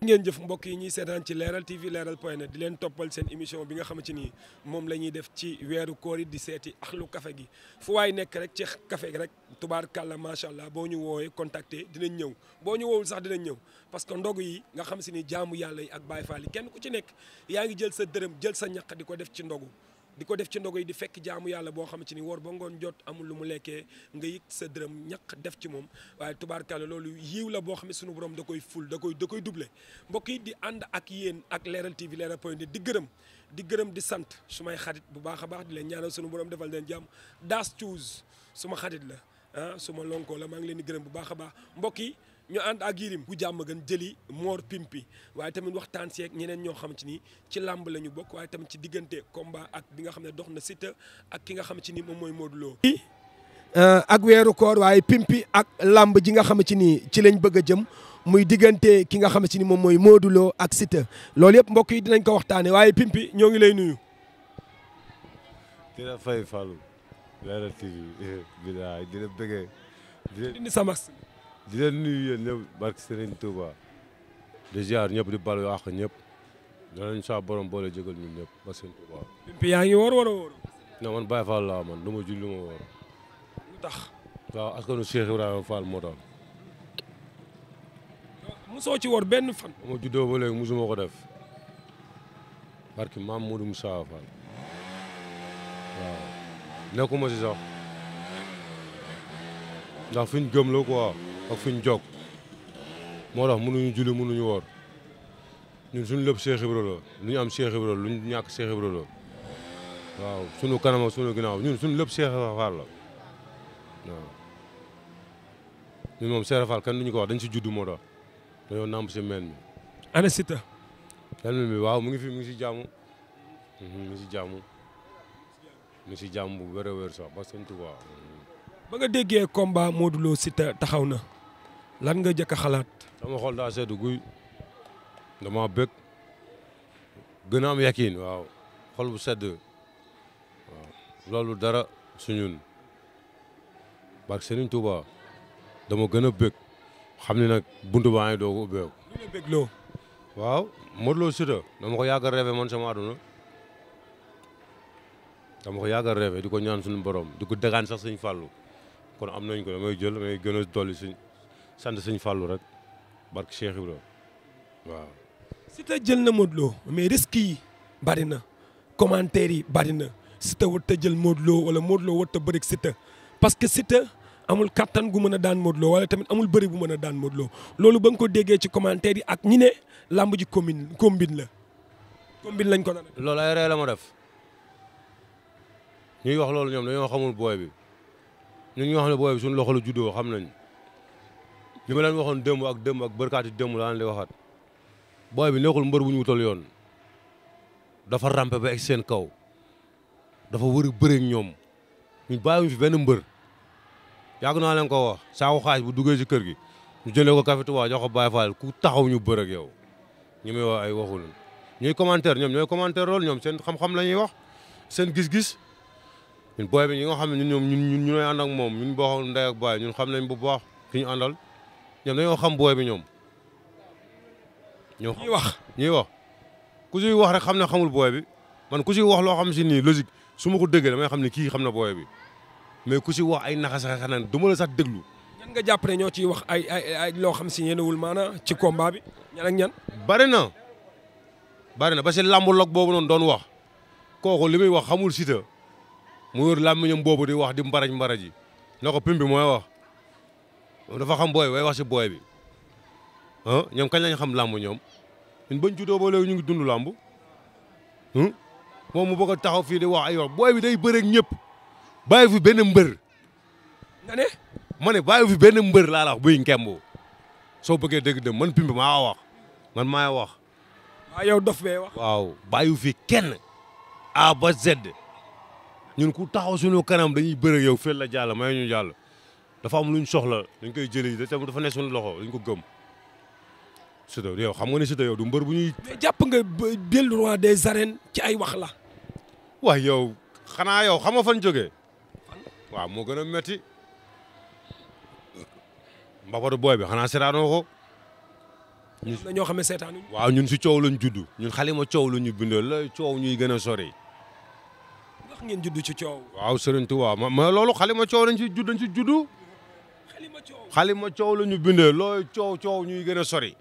ngeen jëf mbokk yi ñuy seetaan ci leeral TV leeral point di leen toppal seen émission bi nga xamante ni moom la ñuy def ci weeru koor yi di seeti axlu kafe gi fu waay nekk rek ci kafe gi rek tubaar kàlla macha allah boo ñu woowee contacter dinañ ñëw boo ñu woowul sax dina ñëw parce que ndog yi nga xam si ni jaamu yàlla yi ak Baay Faal yi kenn ku ci nekk yaa ngi jël sa dërëm jël sa ñaq di ko def ci ndogu di ko def ci ndogo yi di fekk jaamu yàlla boo xam ci ni wor ba ngoon jot amul lu mu lekkee nga yëg sa dërëm ñaq def ci moom waaye tubaar tubaarkàlla loolu yiw la boo xam ne sunu borom da koy ful da koy da koy doublé mbokk yi di ànd ak yéen ak leeral TV leeral point di gërëm di gërëm di sant su may xarit bu baax a baax di leen ñaanal sunu borom defal leen jàmm daas tuus suma xarit la ah suma lonko la maa ngi leen di gërëm bu baax a baax mbokk yi ñu ànd ak yirim bu jàmm gën jëli moor pimpi waaye tamit waxtaan seeg ñeneen ñoo xam ci ni ci làmb la ñu bokk waaye tamit ci diggante komba ak bi nga xam ne dox na Siteu ak ki nga xam ci ni moom mooy mooduloo Lo euh, ak weeru koor waaye pimpi ak làmb ji nga xam ni ci lañ bëgg a jëm muy diggante ki nga xam ni moom mooy Modou Lo loolu yëpp mbokk yi dinañ ko waxtaanee waaye pimpi ñoo ngi lay nuyu. di la fay Fallou. di la bëggee. di leen nuyu yéen ñëpp barki Serigne Touba di ziar ñëpp di balu àq ñëpp danañ saa borom boole jégal ñun ñëpp ba Serigne Touba. pimpi yaa ngi wor wala wor non man Baye Fall laa man lu julli ma wóor. lu tax. waaw askanu Cheikh Ibrahima moo tax. mosoo ci wóor benn fan. ma juddoo ba léegi mosuma ko def barki maam Modou Moussa Fall waaw nekkuma si sax ndax fi ñu gëm la quoi. ak fuñ jog moo tax mënuñu julli mënuñu woor ñun suñu lépp Cheikh Ibra la lu ñu am Cheikh Ibra la lu ñu ñàkk Cheikh Ibra la waaw suñu kanam ak ginaaw ginnaaw ñun suñu lépp Cheikh Ibra Fall la waaw ñun moom Cheikh Ibra Fall kan ko dañ si juddu moo tax dañoo nàmp si meen mi. ana Siteu. meen mi waaw mu ngi fi mu ngi si jàmm mhm, mu ngi si jàmm mu ngi si jàmm bu wér a wér sax ba sant waa. ba nga déggee combat Modou Lo Siteu taxaw na. lan nga jëkk a xalaat. dama xol daa seetu guy dama bëgg gën a waaw xol bu sedd loolu dara suñun barke Serigne Touba dama gën a bëgg xam ni nag buntu baa ngi doog a waaw Modou Lo Siteu dama ko yàgg a rêvé man sama àdduna dama ko yàgg a rêvé di ko ñaan suñu borom di ko dagaan sax suñu fàllu kon am nañ ko damay jël damay gën a dolli suñ. sant suñu fàllu rek barke Cheikh Ibrahima waaw. Siteu jël na Modou mais risque yi bari na commentaire yi bari na Siteu warut jël Modou Lo wala Modou Lo warut a bëri parce que Siteu amul kattan gu mën a daan Modou Lo wala tamit amul bëri bu mën a daan Modou Lo loolu ba nga ko déggee ci commentaire yi ak ñi ne làmb ji combine combine la combine lañ ko daan. loolu ay ree ma def ñuy wax loolu ñoom dañoo xamul booy bi ñun ñoo xam ne booy bi suñu loxo la juddoo xam nañ li ma leen waxoon démb ak démb ak bërkaati démb laa leen di waxaat booy bi nekkul mbër bu ñu wutal yoon dafa rampe ba egg seen kaw dafa wër bëreeg ñoom ñu bàyyiwuñ fi benn mbër yàgg naa leen ko wax saako xaaj bu duggee ci kër gi ñu jëlee ko café Touba jox ko Baye Fall ku taxaw ñu bër ak yow ñu may wax ay waxul ñuy commentaire ñoom ñooy commentaire loolu ñoom seen xam-xam la ñuy wax seen gis-gis ñun booy bi ñi nga xam ne ñun ñoom ñun ñun ñooy ànd moom ñun boo xam ndey nañ bu baax fi ñu àndal ñoom dañoo xam booy bi ñoom. ñoo ñuy wax ñuy wax ku siy wax rek xam na xamul booy bi man ku siy wax loo xam si nii logique suma ma ko déggee damay xam ne kii xam na booye bi mais ku si wax ay naxasaxa naan du ma la sax déglu. ñan nga jàpp ne ñoo ciy wax ay ay loo xam si yéenewul maanaam ci combat bi ñan ñan. bari na bari na ba si làmbu log boobu noonu doon wax kooku li muy wax xamul Siteu mu yor làmmiñam boobu di wax di mbaraj mbaraj yi na ko pim mooy wax. moom dafa xam booy way wax si booy bi ah ñoom kañ lañ xam làmb ñoom ñun bañ juddoo ba léegi ñu ngi dund làmb moom mu bëgg taxaw fii di wax ay booy bi day bëreeg ñëpp bàyyi fi benn mbër. nga ne ma ne benn mbër laa la wax buy ngemb soo bëggee dégg dem man pimbi maa wax man maa wax. waaw ah, yow dof bee wax. waaw bàyyi fi kenn A ba Z ñun ku taxaw suñu kanam dañuy bëreeg yow fële la jàll may ñu jàll. dafa am lu ñu soxla dañ koy jëlee dafa ne suñu loxo dañ ko gëm. Siteu yow xam nga ne Siteu yow du mbër bu ñuy. mais jàpp nga bel roi des arènes ci ay wax la. waaw yow xanaa yow xam nga fan joge waaw moo gën a métti. mbapatu booy bi xanaa seetaanoo ko. ñun ñoo xam ne seetaanu. waaw ñun si coow lañ judd. ñun xalima coow la ñu bindoo la coow ñuy gën a sori. ndax ngeen judd ci coow. waaw Serigne Touba ma loolu xalima coow lañ si judd dañ si juddu xalima coow la ñu bindee looy coow coow ñuy gën a sori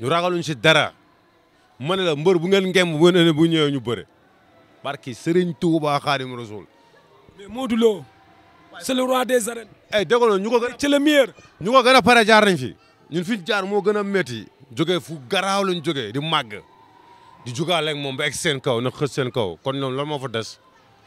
ñu ragaluñ si dara ma ne la mbër bu ngeen ngemb bu ne bu ñëwee ñu bëre barki Serigne Touba Khadim Rasoul. mais Modou Lo c'est le roi des arènes. ay eh, déggoo ñu ko gën a ci le meilleur. ñu ko gën a pare jaar nañ fi ñun fi jaar moo gën a métti jógee fu garaaw lañ jógee di màgg di jugaale moom ba egg seen kaw na xës seen kaw kon ñoom lan moo fa des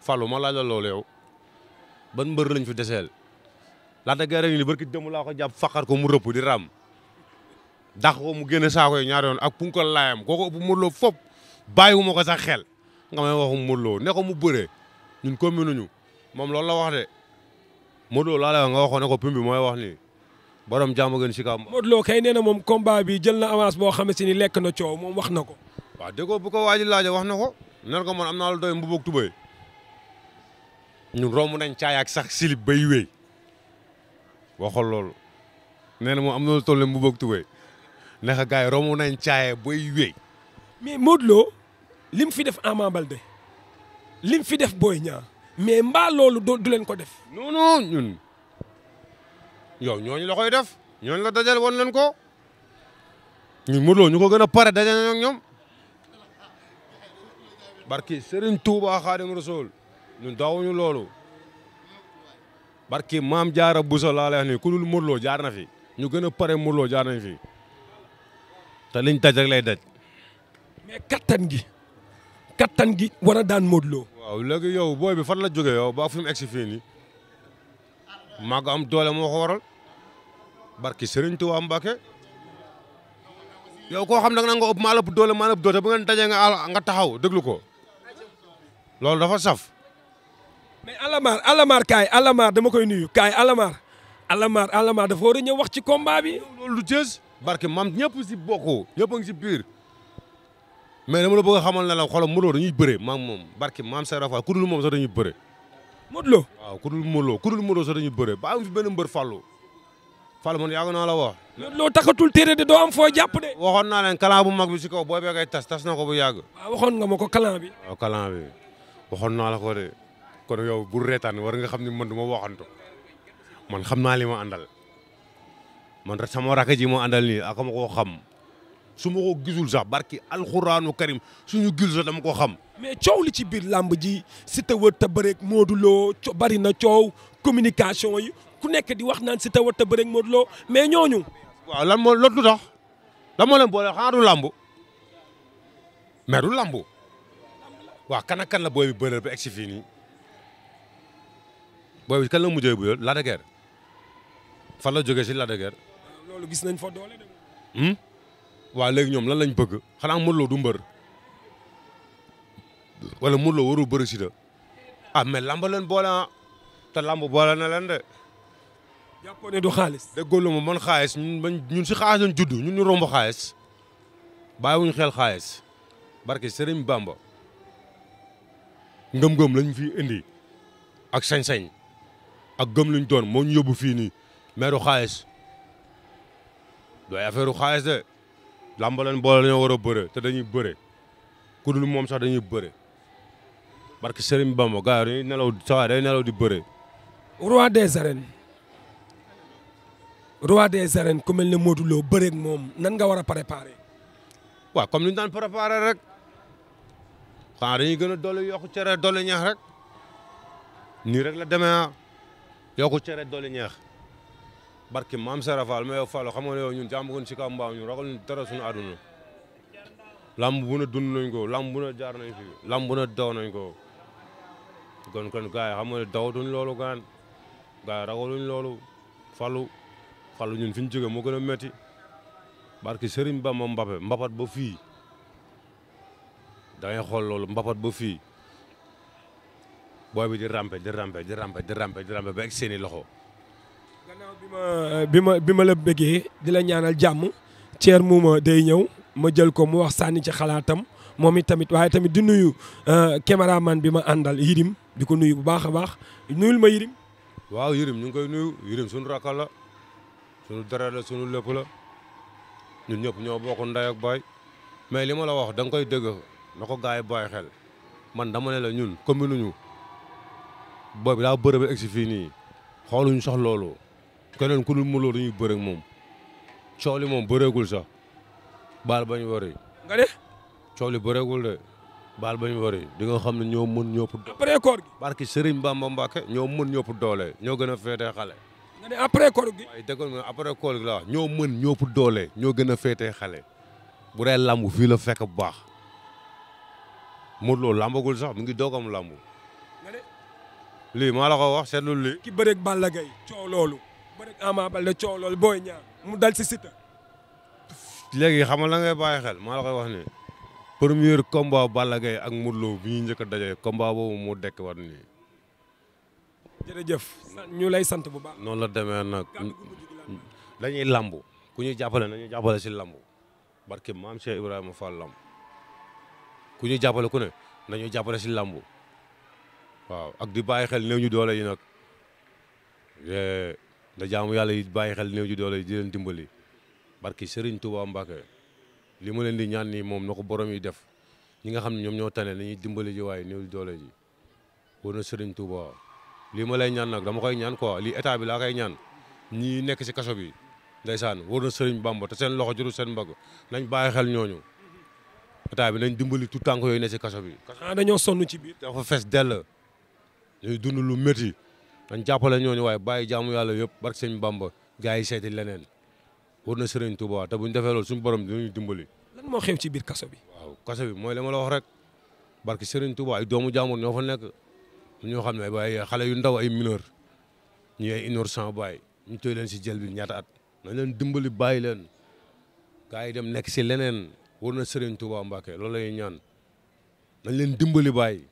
falu ma laaj la loolu yow ban mbër lañ fi deseel. laata gerte gi nii barki démb laa ko jàpp faqar ko mu rëpp di ram dax ko mu génne saako yi ñaari yoon ak punkal laayam kooku ëpp Modou Lo fop bàyyiwuma ko sax xel nga may waxu Modou Lo ne ko mu bëree ñun ko commune ñu moom loolu la wax de Modou Lo laa lay nga waxoon ne ko pim bi mooy wax nii borom jàmm gën si kàmm. Modou Lo kay nee na moom combat bi jël na avance boo xam si ni lekk na coow moom wax na ko. waaw déggoo bu ko waaj laaje wax na ko nen ko man am naa lu doy mbubu ak nañ caay sax silib bay wéy waxal loolu nee na moom am na lu toll mu bëgg tubéy naka gars yi romb nañ caaye bay wéy. mais Modou Lo lim fi def Ama Baldé lim fi def Boy ñaa mais mbaa loolu du leen ko def. non non ñun yow ñooñu la koy def ñooñu la dajal woon leen ko ñun Modou ñu ko gën a pare dajal nañ ak ñoom barki Serigne Touba Xaadim Rasul ñun loolu. barki maam jaara buso laa lay wax nii ku dul Modou Lo jaar na fi ñu gën a pare Modou Lo jaar nañ fi te liñ daj lay daj. mais kattan gi kattan gi war a daan Modou Lo. waaw léegi yow booy bi fan la jógee yow baa fu mu egg si fii am doole moo ko waral barki Serigne Touba Mbacke yow koo xam nag na nga ëpp maa la doole maa la ëpp doole bu ngeen dajee nga nga taxaw déglu ko loolu dafa saf. mais Alamar Alamar kaay Alamar dama koy nuyu kaay Alamar Alamar dafa war a ñëw wax ci combat bi. lu jës barke maam ñëpp si bokkoo ñëpp si biir mais dama la bëgg a xamoon ne la xoolal Modou Lo dañuy bëree maam moom barke maam Serap Fall ku dul moom sax dañuy bëree. Modou Lo waaw ku dul Modou Lo ku dul Modou Lo sax dañuy bëree ba am fi benn mbër Fallou Fallou naa la wax. loo takkatul téere de doo am foo jàpp de. waxoon naa leen kalan bu mag si kaw boo tas na ko bu yàgg. waxoon nga ma ko kalan bi. waaw kalan bi waxoon naa la ko de. kon yow bu reetaan war nga xam ne man du ma waxantu man xam naa li ma àndal man sama rakk ji ma àndal nii ak ma koo xam su ma ko gisul sax barki alxuraanu karim suñu gil sax dama ko xam. mais coow li ci biir làmb ji Siteu wër ta bëreeg Modou bari na coow communication yi ku nekke di wax naan Siteu wër ta bëreeg Modou Lo mais ñooñu. waaw lan moo loolu tax lan moo leen boole du làmb mais du la booy bi bëre ba egg booy bi kan la mujjee bu yoon Lac de Guiers la jógee si Lac de Guiers. loolu gis nañ fa doole de. Hmm? léegi ñoom lan lañ bëgg xanaa Modou Lo du mbër wala Modou waru warul bëri si ah, mais lamba leen boole ah te lamba boole na leen de. jàppoo ne du xaalis. déggoo lu ma man xaalis ñun si xaalis lañ judd ñun ñu romb xaalis bàyyiwuñu xel xaalis barke Serigne Bamba ngëm-ngëm lañ fi indi ak sañ-sañ. ak gëm luñ doon moo ñu yóbbu fii nii mais du xaalis du affaire u xaalis de làmba leen boole dañoo war te dañuy bëre ku dul moom sax dañuy bëre barke Serigne Bamba gars yi dañuy nelaw saa day di bëre. roi des arènes roi des arènes ku ne Modou Lo bëreeg moom nan nga war a préparer. waaw comme ni ñu daan rek xanaa dañuy gën a dolli yokku cere dolli ñax rek nii rek la demee ah. yokku cere dooli ñeex barki maam Serafal ma yow Fallou xam nga ne yow ñun jàmbagoon si kaw mbaaw ñun ragal ñu dara suñu àdduna lamb ko lamb bu na jaar nañ fi lamb bu nañ ko kon kon gars yi xam nga ne loolu gaan gars yi loolu falu Fallou ñun fi ñu jógee moo gën a métti barki Serigne Bamba Mbappé mbapat ba fii da ngay xool loolu mbapat ba fii booy bi di rampe di rampe di rampe di rampe di seeni loxo. gannaaw bi ma bi ma bi ma la bëggee di la ñaanal jàmm Thierre Mouma day ñëw ma jël ko mu wax sànni ci xalaatam moom it tamit waaye tamit di nuyu euh, caméraman bi ma àndal Yirim di ko nuyu bu baax a baax nuyul ma Yirim. waaw Yirim ñu ngi koy nuyu Yirim suñu rakka la suñu dara la suñu lépp la ñun ñëpp ñoo bokk ndey ak baay mais li ma la wax da koy dëgg na ko gars yi xel man dama ne la ñun commune ñu booy bi daa bëre ba egg si fii nii xooluñu sax loolu keneen ku dul mënoo dañuy bëre ak moom coow li moom bëreegul sax baal bañ wari. nga de. coow li bëreegul de baal bañ wari di nga xam ne ñoo mën ñoo. après koor gi. barki Serigne Bamba Mbacke ñoo mën ñoo doole ñoo gën a féetee xale. nga ne après koor gi. waaye ñoo mën ñoo doole ñoo gën a féetee xale bu dee lamb fii la fekk bu baax Modou Lo lambagul sax mu ngi doog mu lamb. lii maa la ko wax seetlu lii. ki bëreeg Balla Gaye coow loolu bëreeg Ama Baldé coow loolu Boy Niang mu dal si Siteu. léegi xam nga la ngay xel maa la koy wax nii. premier combat Balla Gaye ak Modou Lo bi ñu njëkk a daje combat boobu moo dekk war nii. jërëjëf ñu lay sant bu baax. noonu la demee nag dañuy lambu ku ñuy jàppale nañuy jàppale si lambu barke maam Cheikh Ibrahima Fall lamb ku ñu jàppale ku ne nañuy jàppale si lambu. waaw ak di bàyyi xel new ñu doole yi nag da jaamu yàlla yi bàyyi xel néew ñu doole yi di leen dimbali barki Serigne Touba Mbacke li ma leen di ñaan ni moom na ko yi def ñi nga xam ne ñoom ñoo tane nañuy dimbali ji waaye néew ñu doole ji war na Serigne Touba lii ma lay ñaan nag dama koy ñaan quoi lii état bi laa koy ñaan ñi nekk si kaso bi ndeysaan war na Serigne Bamba te seen loxo juru seen mbagg nañ bàyyi xel ñooñu état bi nañ dimbali tout tànk yooyu ne si kaso bi. xanaa dañoo ñuy dund lu métti dañ ñoo ñooñu waaye bàyyi jaamu yàlla yëpp barke sëñ Bamba gars yi seeti leneen war na sëriñ Touba te bu ñu defee loolu suñu borom dinañu dimbali. lan moo xew ci biir kaso bi. waaw kaso bi mooy li ma la rek barke sëriñ Touba ay doomu jàmbur ñoo fa nekk ñoo xam ne waaye xale yu ndaw ay mineur ñu ay innocent bàyyi ñu leen si jël bi ñaata at nañ leen dimbali bàyyi leen gars yi dem nekk si leneen war na sëriñ Touba Mbacke loolu la ñaan nañ leen dimbali bàyyi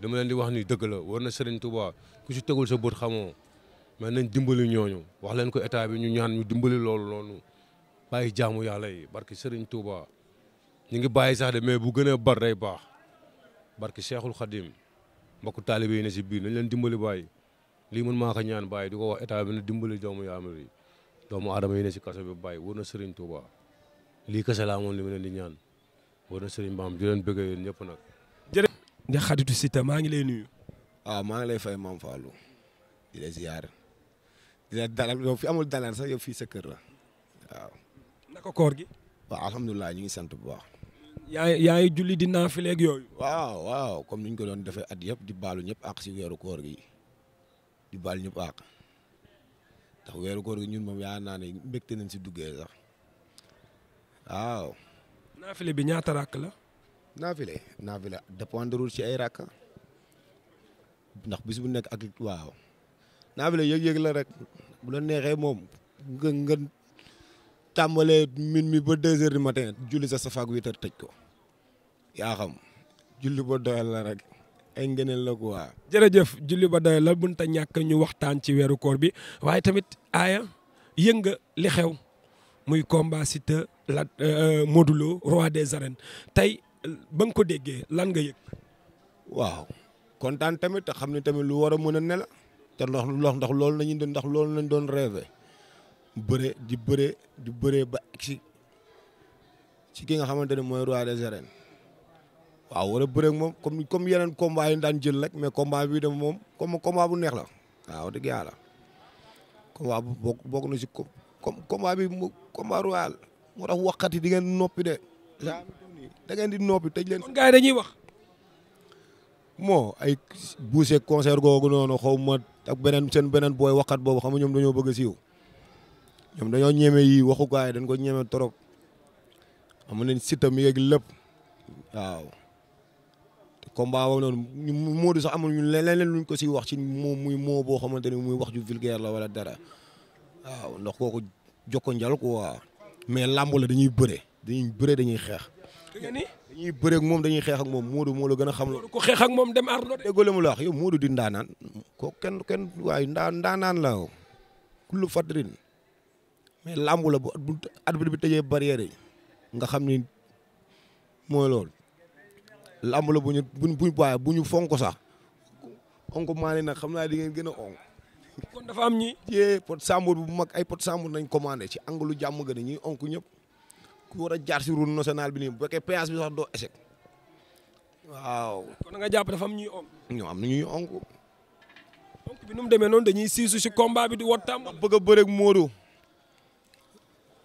li leen di wax ni dëgg la war na Serigne Touba ku si tegul sa bët xamoo mais nañ dimbali ñooñu wax leen ko état bi ñu ñaan ñu dimbali loolu noonu bàyyi jaamu yàlla yi barki Serigne Touba ñu ngi bàyyi sax de mais bu gën a bar day baax barki Cheikhul Khadim mbokku taalibe yi ne si biir nañ leen dimbali bàyyi lii mën maa ko ñaan baay di ko wax état bi na dimbali doomu yaamar yi doomu aadama yi ne si kaso bi bàyyi war na Serigne Touba lii kese laa moom li ma leen di ñaan war na Serigne Bam di leen bëgg yéen ñëpp nag. nga xaritu Siteu maa ngi lay nuyu. waaw ah, maa ngi lay fay Mame Fallou di la ziar di dalal yow fi amul dalal sax yow fii sa kër la waaw. koor gi. waaw ñu ngi sant bu baax. yaa yaa julli di naafile ak yooyu. waaw comme ni ko doon defee at yëpp di baalu ñëpp àq si weeru gi di baal ñëpp àq ndax weeru gi ñun moom yaa naa ne mbégte nañ si duggee sax bi ñaata rakk la. naafile naafile dépendrewul ci ay rakka ndax bis bu nekk ak waaw naafile yëg-yëg la rek bu la neexee moom nga nga tàmbalee mi ba deux heures du matin julli sa safaak huit heures tëj ko yaa julli ba doyal la rek ay ngëneel la quoi. jërëjëf julli ba doyal la mënut a ñàkk ñu waxtaan ci weeru koor bi waaye tamit aaya yënga li xew muy combat Siteu la euh, Modou roi des arènes tey ba nga ko déggee lan nga yëg. waaw kon kontaan tamit te xam ne tamit lu war a mën a ne la te ndox ndox ndax loolu lañu doon ndax loolu lañ doon rêvé bëre di bëre di bëre ba egsi ci ki nga xamante ne mooy roi des arènes waaw war a moom comme comme yeneen combat yi daan jël rek mais combat bi de moom comme combat bu neex la waaw dëgg yàlla combat bu bokk na si comme combat bi mu combat royal moo tax waxati di ngeen noppi de. da ngeen di noppi tëj leen. kon gars yi dañuy wax. moo ay buuse concert googu noonu xaw ma beneen seen beneen booy waxat boobu xam nga ñoom dañoo bëgg a siiw ñoom dañoo ñeme yi waxu gars yi dañ ko ñeme trop am nañ sitam yeeg lépp waaw combat boobu noonu ñu luñ ko siy wax ci moom muy moo boo xamante ni muy wax ju vulgaire la wala dara waaw ndax kooku jokko njal quoi mais làmb la dañuy bëre dañuy bëre dañuy xeex. dañuy bëre moom dañuy xeex ak moom Modou moo la gën a xam. loolu ko xeex ak moom dem ardo de. déggoo mu la wax yow di ndaanaan ko kenn kenn waaye ndaa ndaanaan la yow. kullu mais làmb la bu arbitre bi tëjee barrière yi nga xam ni mooy loolu. làmb la bu ñu bu waaye bu ñu fonk sax onk maane nag xam naa di ngeen gën a onk. kon dafa am ñi. yee pot sàmbur bu mag ay pot sàmbur nañ commandé ci angalu jàmm gën a ñuy onk ñëpp. ku war a jaar si route nationale bi nii bu fekkee péage bi sax doo échec waaw. kon nga jàpp dafa am ñuy onk. ñoo am na ñuy onk. onk bi nu mu demee noonu dañuy siisu si combat bi di wot bëgg a bëreeg Modou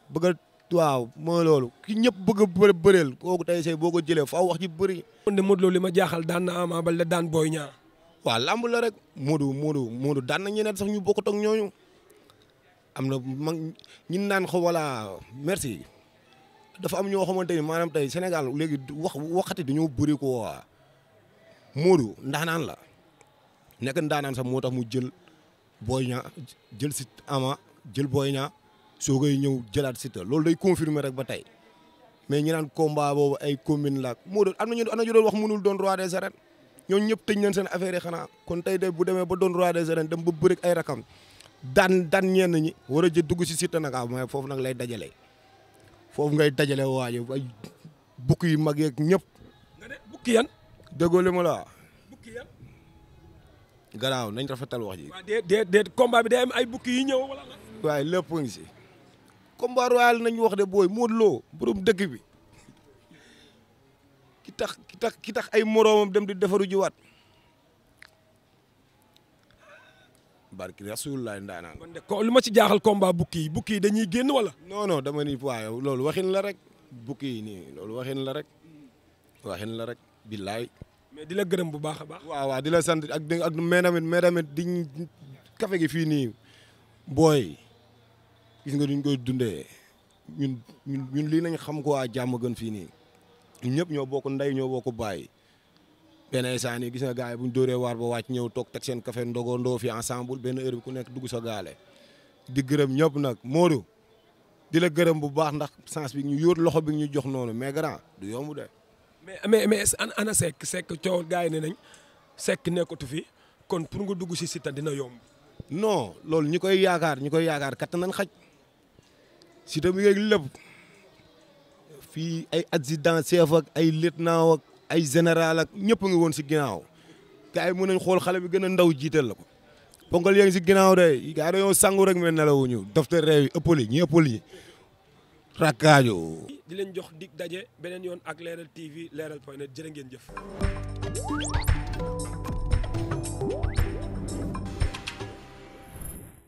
bëgg loolu ki ñëpp bëgg a bëre bëreel kooku tey boo ko jëlee faaw wax ci bëri. kon de li ma jaaxal daan na Ama Baldé daan Boy Niang. waaw lamb la rek Modou Modou Modou daan na ñeneen sax ñu bokkut ak ñooñu am na mag ñi naan ko voilà dafa am ñoo xamante ni maanaam tey Sénégal léegi wax waxati dañoo bëri koo waa Modou ndaanaan la nekk ndaanaan sax moo tax mu jël Boy Niang jël si Ama jël Boy Niang soo koy ñëw jëlaat Siteu loolu day confirmer rek ba tey mais ñi naan combat boobu ay combine la moo doon am nañu am nañu wax munul doon roi de arènes ñooñu ñëpp tëj nañ seen affaire yi xanaa kon tey de bu demee ba doon roi des arènes dem ba bëri ay rakam dan daan ñenn ñi war a jë dugg si Siteu nag ah foofu nag lay dajalee. foofu ngay dajale waaye ay bukki yu mag yeg ñëpp. nga ne bukki yan. déggoo li ma la. bukki yan. garaaw nañ rafetal wax ji. waaw déet déet déet bi day am ay bukki yi ñëw wala. waaye lépp ngi si. combat royal nañ wax de booy Modou loo borom dëgg bi ki tax ki tax ki tax ay moroomam dem di defaru jiwaat. barki rasulullah ndaanaan. kon de ko lu ma ci jaaxal combat bukki yi bukki yi dañuy génn wala. non dama ni waaye loolu waxin la rek bukki yi nii loolu waxin la rek waxin la rek billaay. mais di la gërëm bu baax a baax. waaw waaw di la sant ak ak mais tamit mais tamit diñ kafe gi fii nii booy gis nga duñ koy dundee ñun ñun lii nañ xam ko waa jàmm gën fii nii ñëpp ñoo bokk ndey ñoo bokk baay. yenn instant nii gis nga gars bu ñu dóoree waar ba wàcc ñëw toog teg seen café ndogo ndoo fi ensemble benn heure bi ku nekk dugg sa gaale di gërëm ñëpp nag Modou di la gërëm bu baax ndax sens bi ñu yóot loxo bi ñu jox noonu mais grand du yomb de. mais mais mais ana Seck sekk coow gars yi ne nañ Seck nekkatu fi kon pour nga dugg si sita dina yomb. no loolu ñi koy yaakaar ñu koy yaakaar kat nañ xaj Siteu bi yeeg lépp fii ay adjudant chef ay lieutenant ak. ay général ak ñëpp ngi woon si ginnaaw gars yi mën nañ xool xale bi gën a ndaw jiital la ko ponkal yaa si ginnaaw de gars yi dañoo sangu rek mel nelawuñu dofte réew yi ëppal yi ñi ëppal yi rakkaajo di leen jox dig daje beneen yoon ak Leral TV Leral point net jërë ngeen jëf